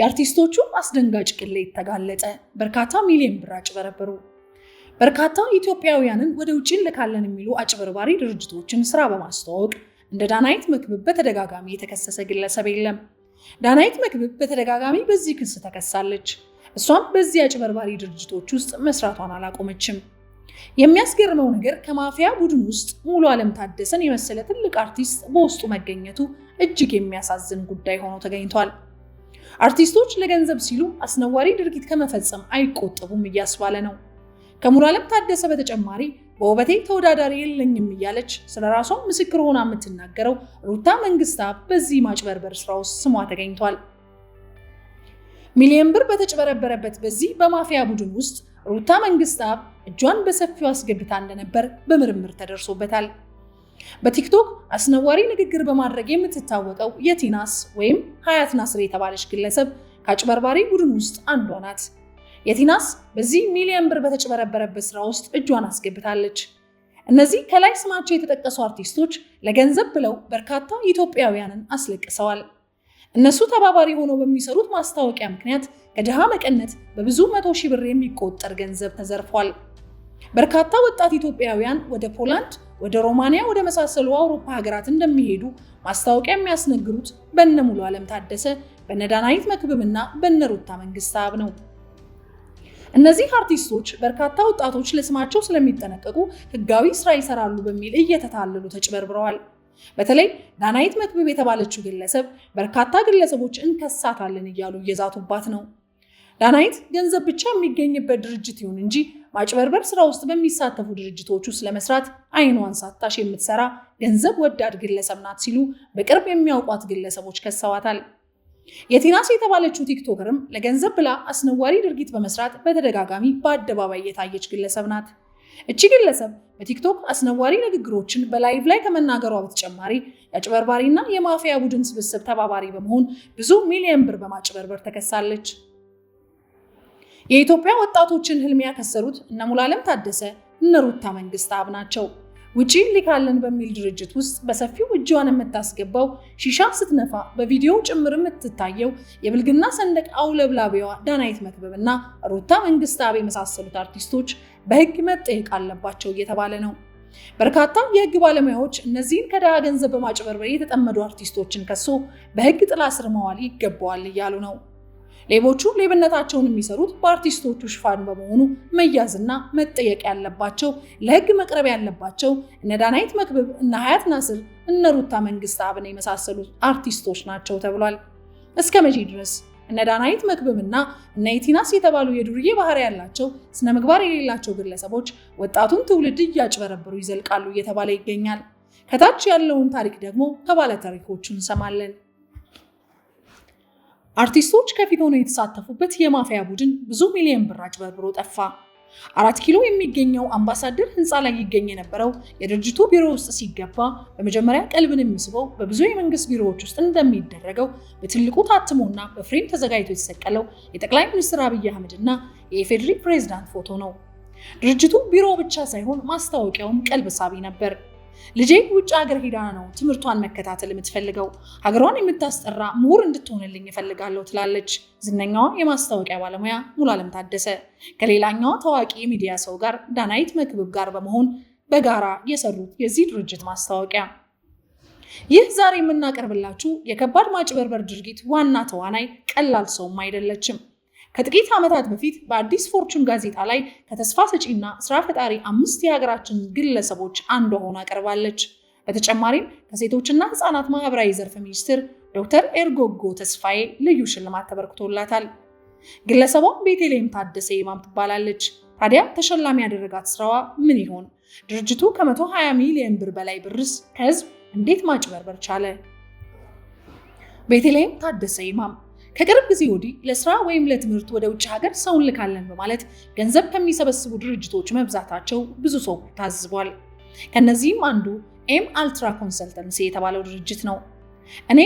የአርቲስቶቹ አስደንጋጭ ቅሌት ተጋለጠ። በርካታ ሚሊዮን ብር አጭበረበሩ። በርካታ ኢትዮጵያውያንን ወደ ውጭ እንልካለን የሚሉ አጭበርባሪ ድርጅቶችን ስራ በማስተዋወቅ እንደ ዳናይት መክብብ በተደጋጋሚ የተከሰሰ ግለሰብ የለም። ዳናይት መክብብ በተደጋጋሚ በዚህ ክስ ተከሳለች። እሷም በዚህ አጭበርባሪ ድርጅቶች ውስጥ መስራቷን አላቆመችም። የሚያስገርመው ነገር ከማፊያ ቡድን ውስጥ ሙሉ ዓለም ታደሰን የመሰለ ትልቅ አርቲስት በውስጡ መገኘቱ እጅግ የሚያሳዝን ጉዳይ ሆኖ ተገኝቷል። አርቲስቶች ለገንዘብ ሲሉ አስነዋሪ ድርጊት ከመፈጸም አይቆጠቡም እያስባለ ነው። ከሙሉዓለም ታደሰ በተጨማሪ በውበቴ ተወዳዳሪ የለኝም እያለች ስለ ራሷ ምስክር ሆና የምትናገረው ሩታ መንግስታ በዚህ ማጭበርበር ስራ ውስጥ ስሟ ተገኝቷል። ሚሊዮን ብር በተጭበረበረበት በዚህ በማፊያ ቡድን ውስጥ ሩታ መንግስታ እጇን በሰፊው አስገብታ እንደነበር በምርምር ተደርሶበታል። በቲክቶክ አስነዋሪ ንግግር በማድረግ የምትታወቀው የቲናስ ወይም ሀያት ናስር የተባለች ግለሰብ ከአጭበርባሪ ቡድን ውስጥ አንዷ ናት። የቲናስ በዚህ ሚሊዮን ብር በተጭበረበረበት ስራ ውስጥ እጇን አስገብታለች። እነዚህ ከላይ ስማቸው የተጠቀሱ አርቲስቶች ለገንዘብ ብለው በርካታ ኢትዮጵያውያንን አስለቅሰዋል። እነሱ ተባባሪ ሆነው በሚሰሩት ማስታወቂያ ምክንያት ከድሃ መቀነት በብዙ መቶ ሺህ ብር የሚቆጠር ገንዘብ ተዘርፏል። በርካታ ወጣት ኢትዮጵያውያን ወደ ፖላንድ ወደ ሮማንያ ወደ መሳሰሉ አውሮፓ ሀገራት እንደሚሄዱ ማስታወቂያ የሚያስነግሩት በነ ሙሉ ዓለም ታደሰ፣ በነ ዳናይት መክብብና በነ ሩታ መንግስታብ ነው። እነዚህ አርቲስቶች በርካታ ወጣቶች ለስማቸው ስለሚጠነቀቁ ህጋዊ ስራ ይሰራሉ በሚል እየተታለሉ ተጭበርብረዋል። በተለይ ዳናይት መክብብ የተባለችው ግለሰብ በርካታ ግለሰቦች እንከሳታለን እያሉ እየዛቱባት ነው። ዳናይት ገንዘብ ብቻ የሚገኝበት ድርጅት ይሁን እንጂ ማጭበርበር ስራ ውስጥ በሚሳተፉ ድርጅቶች ውስጥ ለመስራት አይኗን ሳታሽ የምትሰራ ገንዘብ ወዳድ ግለሰብ ናት ሲሉ በቅርብ የሚያውቋት ግለሰቦች ከሰዋታል። የቴናስ የተባለችው ቲክቶከርም ለገንዘብ ብላ አስነዋሪ ድርጊት በመስራት በተደጋጋሚ በአደባባይ የታየች ግለሰብ ናት። እቺ ግለሰብ በቲክቶክ አስነዋሪ ንግግሮችን በላይቭ ላይ ከመናገሯ በተጨማሪ የአጭበርባሪና የማፊያ ቡድን ስብስብ ተባባሪ በመሆን ብዙ ሚሊዮን ብር በማጭበርበር ተከሳለች። የኢትዮጵያ ወጣቶችን ህልም ያከሰሩት እነ ሙላለም ታደሰ እነ ሩታ አብ ናቸው። ውጪ ሊካለን በሚል ድርጅት ውስጥ በሰፊው እጇን የምታስገባው ሺሻ ስትነፋ በቪዲዮ ጭምር የምትታየው የብልግና ሰንደቅ አውለብላቢዋ ዳናይት መክበብ እና ሩታ አብ የመሳሰሉት አርቲስቶች በህግ መጠየቅ አለባቸው እየተባለ ነው። በርካታ የህግ ባለሙያዎች እነዚህን ከደሃ ገንዘብ በማጭበርበር የተጠመዱ አርቲስቶችን ከሶ በህግ ጥላ ስር መዋል ይገባዋል እያሉ ነው። ሌቦቹ ሌብነታቸውን የሚሰሩት በአርቲስቶቹ ሽፋን በመሆኑ መያዝና መጠየቅ ያለባቸው ለህግ መቅረብ ያለባቸው እነ ዳናይት መክብብ፣ እነ ሀያት ናስር፣ እነ ሩታ መንግስት አብነ የመሳሰሉት አርቲስቶች ናቸው ተብሏል። እስከ መቼ ድረስ እነ ዳናይት መክብብና እነ ኢቲናስ የተባሉ የዱርዬ ባህሪ ያላቸው ስነ ምግባር የሌላቸው ግለሰቦች ወጣቱን ትውልድ እያጭበረበሩ ይዘልቃሉ እየተባለ ይገኛል። ከታች ያለውን ታሪክ ደግሞ ከባለ ታሪኮቹ እንሰማለን። አርቲስቶች ከፊት ሆነው የተሳተፉበት የማፊያ ቡድን ብዙ ሚሊዮን ብር አጭበርብሮ ጠፋ። አራት ኪሎ የሚገኘው አምባሳደር ህንፃ ላይ ይገኝ የነበረው የድርጅቱ ቢሮ ውስጥ ሲገባ በመጀመሪያ ቀልብን የሚስበው በብዙ የመንግስት ቢሮዎች ውስጥ እንደሚደረገው በትልቁ ታትሞና በፍሬም ተዘጋጅቶ የተሰቀለው የጠቅላይ ሚኒስትር አብይ አህመድ እና የኢፌዴሪ ፕሬዝዳንት ፎቶ ነው። ድርጅቱ ቢሮ ብቻ ሳይሆን ማስታወቂያውም ቀልብ ሳቢ ነበር። ልጄ ውጭ ሀገር ሄዳ ነው ትምህርቷን መከታተል የምትፈልገው፣ ሀገሯን የምታስጠራ ምሁር እንድትሆንልኝ እፈልጋለሁ ትላለች ዝነኛዋ የማስታወቂያ ባለሙያ ሙሉዓለም ታደሰ ከሌላኛዋ ታዋቂ የሚዲያ ሰው ጋር ዳናይት መክብብ ጋር በመሆን በጋራ የሰሩት የዚህ ድርጅት ማስታወቂያ። ይህ ዛሬ የምናቀርብላችሁ የከባድ ማጭበርበር ድርጊት ዋና ተዋናይ ቀላል ሰውም አይደለችም። ከጥቂት ዓመታት በፊት በአዲስ ፎርቹን ጋዜጣ ላይ ከተስፋ ሰጪና ስራ ፈጣሪ አምስት የሀገራችን ግለሰቦች አንዷ ሆና ቀርባለች። በተጨማሪም ከሴቶችና ህፃናት ማህበራዊ ዘርፍ ሚኒስትር ዶክተር ኤርጎጎ ተስፋዬ ልዩ ሽልማት ተበርክቶላታል። ግለሰቧ ቤቴሌም ታደሰ ይማም ትባላለች። ታዲያ ተሸላሚ ያደረጋት ስራዋ ምን ይሆን? ድርጅቱ ከ120 ሚሊዮን ብር በላይ ብርስ ከህዝብ እንዴት ማጭበርበር ቻለ? ቤቴሌም ታደሰ ይማም ከቅርብ ጊዜ ወዲህ ለስራ ወይም ለትምህርት ወደ ውጭ ሀገር ሰው እንልካለን በማለት ገንዘብ ከሚሰበስቡ ድርጅቶች መብዛታቸው ብዙ ሰው ታዝቧል። ከነዚህም አንዱ ኤም አልትራ ኮንሰልተንሲ የተባለው ድርጅት ነው። እኔ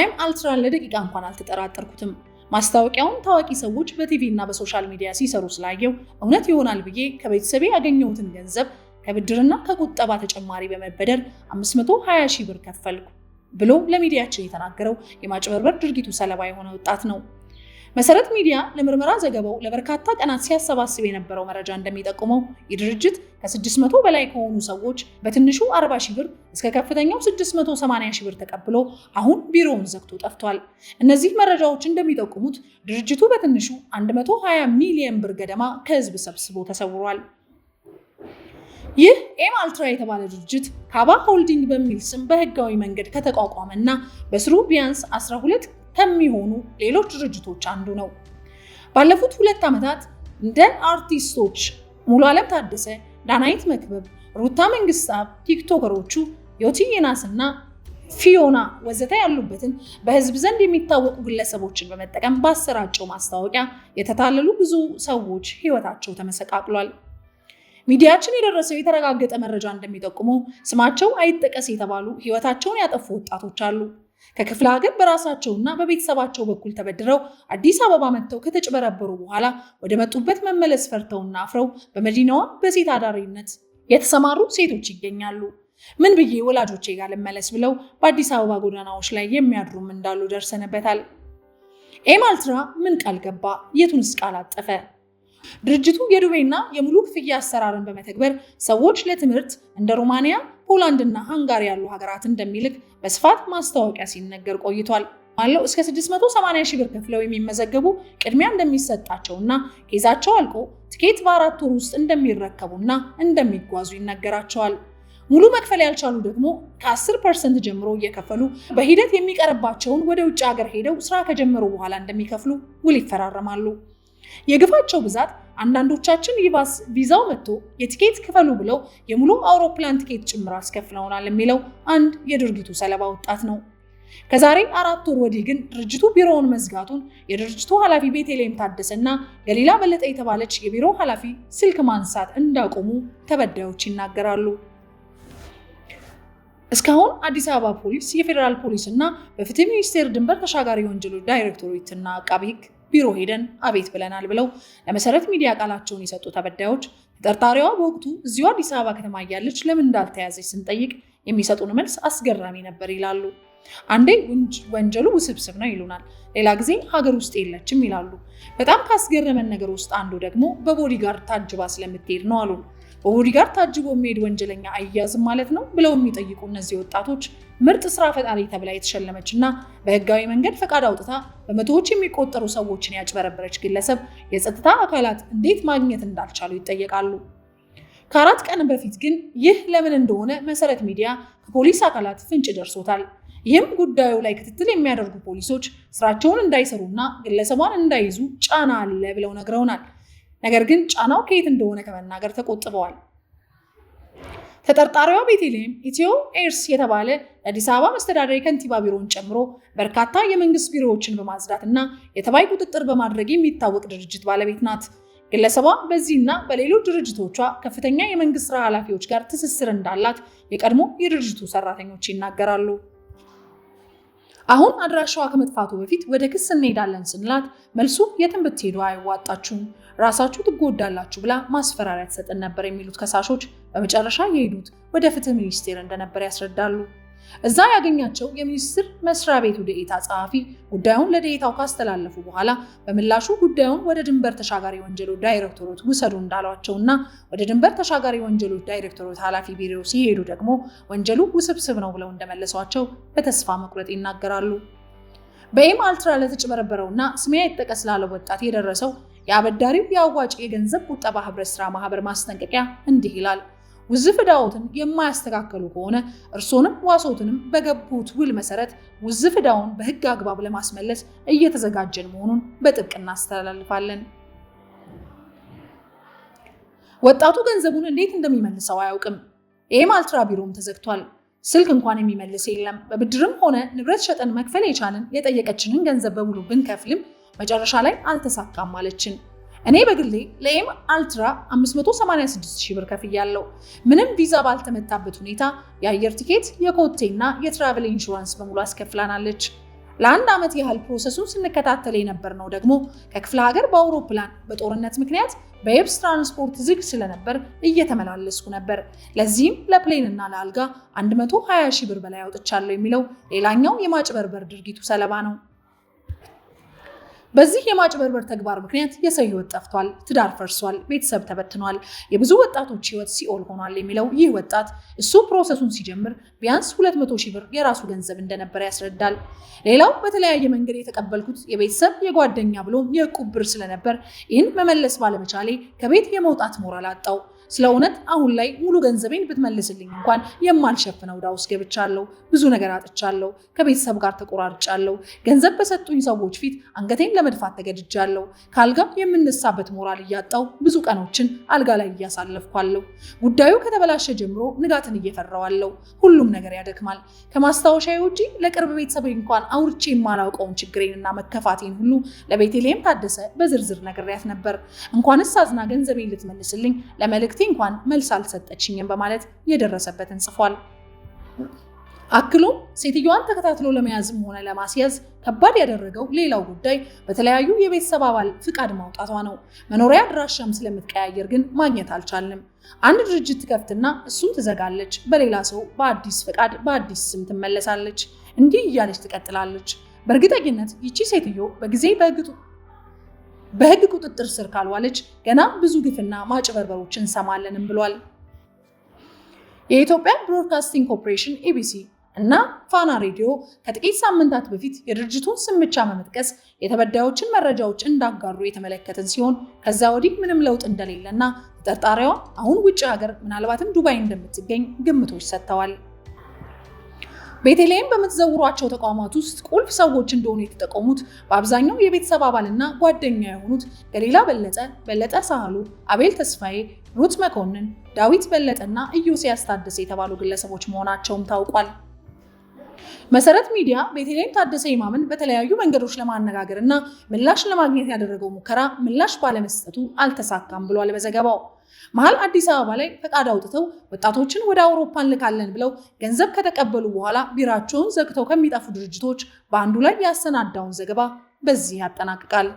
ኤም አልትራን ለደቂቃ እንኳን አልተጠራጠርኩትም። ማስታወቂያውን ታዋቂ ሰዎች በቲቪ እና በሶሻል ሚዲያ ሲሰሩ ስላየው እውነት ይሆናል ብዬ ከቤተሰቤ ያገኘሁትን ገንዘብ ከብድርና ከቁጠባ ተጨማሪ በመበደር 520 ሺህ ብር ከፈልኩ። ብሎ ለሚዲያችን የተናገረው የማጭበርበር ድርጊቱ ሰለባ የሆነ ወጣት ነው። መሰረት ሚዲያ ለምርመራ ዘገባው ለበርካታ ቀናት ሲያሰባስብ የነበረው መረጃ እንደሚጠቁመው ይህ ድርጅት ከ600 በላይ ከሆኑ ሰዎች በትንሹ 40 ሺህ ብር እስከ ከፍተኛው 680 ሺህ ብር ተቀብሎ አሁን ቢሮውን ዘግቶ ጠፍቷል። እነዚህ መረጃዎች እንደሚጠቁሙት ድርጅቱ በትንሹ 120 ሚሊየን ብር ገደማ ከህዝብ ሰብስቦ ተሰውሯል። ይህ ኤም አልትራ የተባለ ድርጅት ካባ ሆልዲንግ በሚል ስም በህጋዊ መንገድ ከተቋቋመ እና በስሩ ቢያንስ 12 ከሚሆኑ ሌሎች ድርጅቶች አንዱ ነው። ባለፉት ሁለት ዓመታት እንደ አርቲስቶች ሙሉ ዓለም ታደሰ፣ ዳናይት መክበብ፣ ሩታ መንግስታብ፣ ቲክቶከሮቹ ዮቲ እና ፊዮና ወዘተ ያሉበትን በህዝብ ዘንድ የሚታወቁ ግለሰቦችን በመጠቀም ባሰራጨው ማስታወቂያ የተታለሉ ብዙ ሰዎች ህይወታቸው ተመሰቃቅሏል። ሚዲያችን የደረሰው የተረጋገጠ መረጃ እንደሚጠቁመው ስማቸው አይጠቀስ የተባሉ ሕይወታቸውን ያጠፉ ወጣቶች አሉ። ከክፍለ ሀገር በራሳቸውና በቤተሰባቸው በኩል ተበድረው አዲስ አበባ መጥተው ከተጭበረበሩ በኋላ ወደ መጡበት መመለስ ፈርተውና አፍረው በመዲናዋ በሴት አዳሪነት የተሰማሩ ሴቶች ይገኛሉ። ምን ብዬ ወላጆቼ ጋር ልመለስ ብለው በአዲስ አበባ ጎዳናዎች ላይ የሚያድሩም እንዳሉ ደርሰንበታል። ኤማልትራ ምን ቃል ገባ? የቱንስ ቃል አጠፈ? ድርጅቱ የዱቤና የሙሉ ክፍያ አሰራርን በመተግበር ሰዎች ለትምህርት እንደ ፖላንድ እና ሃንጋሪ ያሉ ሀገራት እንደሚልክ በስፋት ማስታወቂያ ሲነገር ቆይቷል። አለው እስከ 680 ሺህ ብር ከፍለው የሚመዘገቡ ቅድሚያ እንደሚሰጣቸውና ኬዛቸው አልቆ ትኬት በአራት ወር ውስጥ እንደሚረከቡና እንደሚጓዙ ይነገራቸዋል። ሙሉ መክፈል ያልቻሉ ደግሞ ከ10 ፐርሰንት ጀምሮ እየከፈሉ በሂደት የሚቀርባቸውን ወደ ውጭ ሀገር ሄደው ስራ ከጀመሩ በኋላ እንደሚከፍሉ ውል ይፈራረማሉ። የግፋቸው ብዛት አንዳንዶቻችን ይባስ ቪዛው መጥቶ የቲኬት ክፈሉ ብለው የሙሉ አውሮፕላን ቲኬት ጭምር አስከፍለውናል የሚለው አንድ የድርጊቱ ሰለባ ወጣት ነው። ከዛሬ አራት ወር ወዲህ ግን ድርጅቱ ቢሮውን መዝጋቱን የድርጅቱ ኃላፊ ቤቴሌም ታደሰ እና ገሊላ በለጠ የተባለች የቢሮ ኃላፊ ስልክ ማንሳት እንዳቆሙ ተበዳዮች ይናገራሉ። እስካሁን አዲስ አበባ ፖሊስ፣ የፌዴራል ፖሊስ እና በፍትህ ሚኒስቴር ድንበር ተሻጋሪ ወንጀሎች ዳይሬክቶሬት እና ቢሮ ሄደን አቤት ብለናል ብለው ለመሰረት ሚዲያ ቃላቸውን የሰጡ ተበዳዮች ተጠርጣሪዋ በወቅቱ እዚሁ አዲስ አበባ ከተማ እያለች ለምን እንዳልተያዘች ስንጠይቅ የሚሰጡን መልስ አስገራሚ ነበር ይላሉ። አንዴ ወንጀሉ ውስብስብ ነው ይሉናል፣ ሌላ ጊዜ ሀገር ውስጥ የለችም ይላሉ። በጣም ካስገረመን ነገር ውስጥ አንዱ ደግሞ በቦዲጋርድ ታጅባ ስለምትሄድ ነው አሉን። ጋር ታጅቦ የሚሄድ ወንጀለኛ አያዝም ማለት ነው ብለው የሚጠይቁ እነዚህ ወጣቶች ምርጥ ስራ ፈጣሪ ተብላ የተሸለመች እና በህጋዊ መንገድ ፈቃድ አውጥታ በመቶዎች የሚቆጠሩ ሰዎችን ያጭበረበረች ግለሰብ የጸጥታ አካላት እንዴት ማግኘት እንዳልቻሉ ይጠየቃሉ። ከአራት ቀን በፊት ግን ይህ ለምን እንደሆነ መሰረት ሚዲያ ከፖሊስ አካላት ፍንጭ ደርሶታል። ይህም ጉዳዩ ላይ ክትትል የሚያደርጉ ፖሊሶች ስራቸውን እንዳይሰሩና ግለሰቧን እንዳይዙ ጫና አለ ብለው ነግረውናል። ነገር ግን ጫናው ከየት እንደሆነ ከመናገር ተቆጥበዋል። ተጠርጣሪዋ ቤቴሌም ኢትዮ ኤርስ የተባለ የአዲስ አበባ መስተዳደር ከንቲባ ቢሮን ጨምሮ በርካታ የመንግስት ቢሮዎችን በማጽዳት እና የተባይ ቁጥጥር በማድረግ የሚታወቅ ድርጅት ባለቤት ናት። ግለሰቧ በዚህና በሌሎች ድርጅቶቿ ከፍተኛ የመንግስት ስራ ኃላፊዎች ጋር ትስስር እንዳላት የቀድሞ የድርጅቱ ሰራተኞች ይናገራሉ። አሁን አድራሻዋ ከመጥፋቱ በፊት ወደ ክስ እንሄዳለን ስንላት መልሱ የትም ብትሄዱ አይዋጣችሁም፣ ራሳችሁ ትጎዳላችሁ ብላ ማስፈራሪያ ትሰጠን ነበር የሚሉት ከሳሾች በመጨረሻ የሄዱት ወደ ፍትህ ሚኒስቴር እንደነበር ያስረዳሉ። እዛ ያገኛቸው የሚኒስቴር መስሪያ ቤቱ ደኤታ ጸሐፊ ጉዳዩን ለደኤታው ካስተላለፉ በኋላ በምላሹ ጉዳዩን ወደ ድንበር ተሻጋሪ ወንጀሎች ዳይሬክቶሮት ውሰዱ እንዳሏቸውና ወደ ድንበር ተሻጋሪ ወንጀሎች ዳይሬክቶሮት ኃላፊ ቢሮ ሲሄዱ ደግሞ ወንጀሉ ውስብስብ ነው ብለው እንደመለሷቸው በተስፋ መቁረጥ ይናገራሉ። በኤም አልትራ ለተጭበረበረውና ስሜ ይጠቀስ ላለው ወጣት የደረሰው የአበዳሪው የአዋጭ የገንዘብ ቁጠባ ህብረት ስራ ማህበር ማስጠንቀቂያ እንዲህ ይላል። ውዝፍ ዕዳዎትን የማያስተካከሉ ከሆነ እርሶንም ዋሶትንም በገቡት ውል መሰረት ውዝፍ ዕዳውን በህግ አግባብ ለማስመለስ እየተዘጋጀን መሆኑን በጥብቅ እናስተላልፋለን። ወጣቱ ገንዘቡን እንዴት እንደሚመልሰው አያውቅም። ይህም አልትራ ቢሮም ተዘግቷል። ስልክ እንኳን የሚመልስ የለም። በብድርም ሆነ ንብረት ሸጠን መክፈል የቻልን የጠየቀችንን ገንዘብ በሙሉ ብንከፍልም መጨረሻ ላይ አልተሳካም አለችን። እኔ በግሌ ለኤም አልትራ 586 ሺህ ብር ከፍያለሁ። ምንም ቪዛ ባልተመታበት ሁኔታ የአየር ቲኬት፣ የኮቴና የትራቨል ኢንሹራንስ በሙሉ አስከፍላናለች። ለአንድ ዓመት ያህል ፕሮሰሱን ስንከታተል የነበር ነው ደግሞ ከክፍለ ሀገር በአውሮፕላን በጦርነት ምክንያት በየብስ ትራንስፖርት ዝግ ስለነበር እየተመላለስኩ ነበር። ለዚህም ለፕሌን እና ለአልጋ 120 ሺህ ብር በላይ አውጥቻለሁ የሚለው ሌላኛው የማጭበርበር ድርጊቱ ሰለባ ነው። በዚህ የማጭበርበር ተግባር ምክንያት የሰው ህይወት ጠፍቷል፣ ትዳር ፈርሷል፣ ቤተሰብ ተበትኗል፣ የብዙ ወጣቶች ህይወት ሲኦል ሆኗል የሚለው ይህ ወጣት እሱ ፕሮሰሱን ሲጀምር ቢያንስ 200 ሺህ ብር የራሱ ገንዘብ እንደነበረ ያስረዳል። ሌላው በተለያየ መንገድ የተቀበልኩት የቤተሰብ የጓደኛ ብሎም የዕቁብ ብር ስለነበር ይህን መመለስ ባለመቻሌ ከቤት የመውጣት ሞራል አጣው። ስለ እውነት አሁን ላይ ሙሉ ገንዘቤን ብትመልስልኝ እንኳን የማልሸፍነው ዕዳ ውስጥ ገብቻለሁ። ብዙ ነገር አጥቻለሁ። ከቤተሰብ ጋር ተቆራርጫለሁ። ገንዘብ በሰጡኝ ሰዎች ፊት አንገቴን ለመድፋት ተገድጃለሁ። ከአልጋ የምነሳበት ሞራል እያጣው ብዙ ቀኖችን አልጋ ላይ እያሳለፍኳለሁ። ጉዳዩ ከተበላሸ ጀምሮ ንጋትን እየፈራዋለሁ። ሁሉም ነገር ያደክማል። ከማስታወሻ ውጪ ለቅርብ ቤተሰብ እንኳን አውርቼ የማላውቀውን ችግሬንና መከፋቴን ሁሉ ለቤተልሔም ታደሰ በዝርዝር ነግሬያት ነበር። እንኳንስ አዝና ገንዘቤን ልትመልስልኝ ለመልእክት ለመልእክቴ እንኳን መልስ አልሰጠችኝም በማለት የደረሰበትን ጽፏል። አክሎም ሴትዮዋን ተከታትሎ ለመያዝም ሆነ ለማስያዝ ከባድ ያደረገው ሌላው ጉዳይ በተለያዩ የቤተሰብ አባል ፍቃድ ማውጣቷ ነው። መኖሪያ አድራሻም ስለምትቀያየር ግን ማግኘት አልቻልንም። አንድ ድርጅት ትከፍትና እሱም ትዘጋለች፣ በሌላ ሰው በአዲስ ፍቃድ በአዲስ ስም ትመለሳለች። እንዲህ እያለች ትቀጥላለች። በእርግጠኝነት ይቺ ሴትዮ በጊዜ በህግ ቁጥጥር ስር ካልዋለች ገና ብዙ ግፍና ማጭበርበሮች እንሰማለንም ብሏል። የኢትዮጵያ ብሮድካስቲንግ ኮርፖሬሽን ኤቢሲ እና ፋና ሬዲዮ ከጥቂት ሳምንታት በፊት የድርጅቱን ስምቻ በመጥቀስ የተበዳዮችን መረጃዎች እንዳጋሩ የተመለከትን ሲሆን ከዛ ወዲህ ምንም ለውጥ እንደሌለና ተጠርጣሪዋ አሁን ውጭ ሀገር ምናልባትም ዱባይ እንደምትገኝ ግምቶች ሰጥተዋል። ቤተልሔም በምትዘውሯቸው ተቋማት ውስጥ ቁልፍ ሰዎች እንደሆኑ የተጠቀሙት በአብዛኛው የቤተሰብ አባልና ጓደኛ የሆኑት ገሊላ በለጠ፣ በለጠ ሳህሉ፣ አቤል ተስፋዬ፣ ሩት መኮንን፣ ዳዊት በለጠና ኢዮስያስ ታደሰ የተባሉ ግለሰቦች መሆናቸውም ታውቋል። መሰረት ሚዲያ ቤተልሔም ታደሰ ይማምን በተለያዩ መንገዶች ለማነጋገር እና ምላሽ ለማግኘት ያደረገው ሙከራ ምላሽ ባለመስጠቱ አልተሳካም ብሏል በዘገባው። መሀል አዲስ አበባ ላይ ፈቃድ አውጥተው ወጣቶችን ወደ አውሮፓ እንልካለን ብለው ገንዘብ ከተቀበሉ በኋላ ቢራቸውን ዘግተው ከሚጠፉ ድርጅቶች በአንዱ ላይ ያሰናዳውን ዘገባ በዚህ ያጠናቅቃል።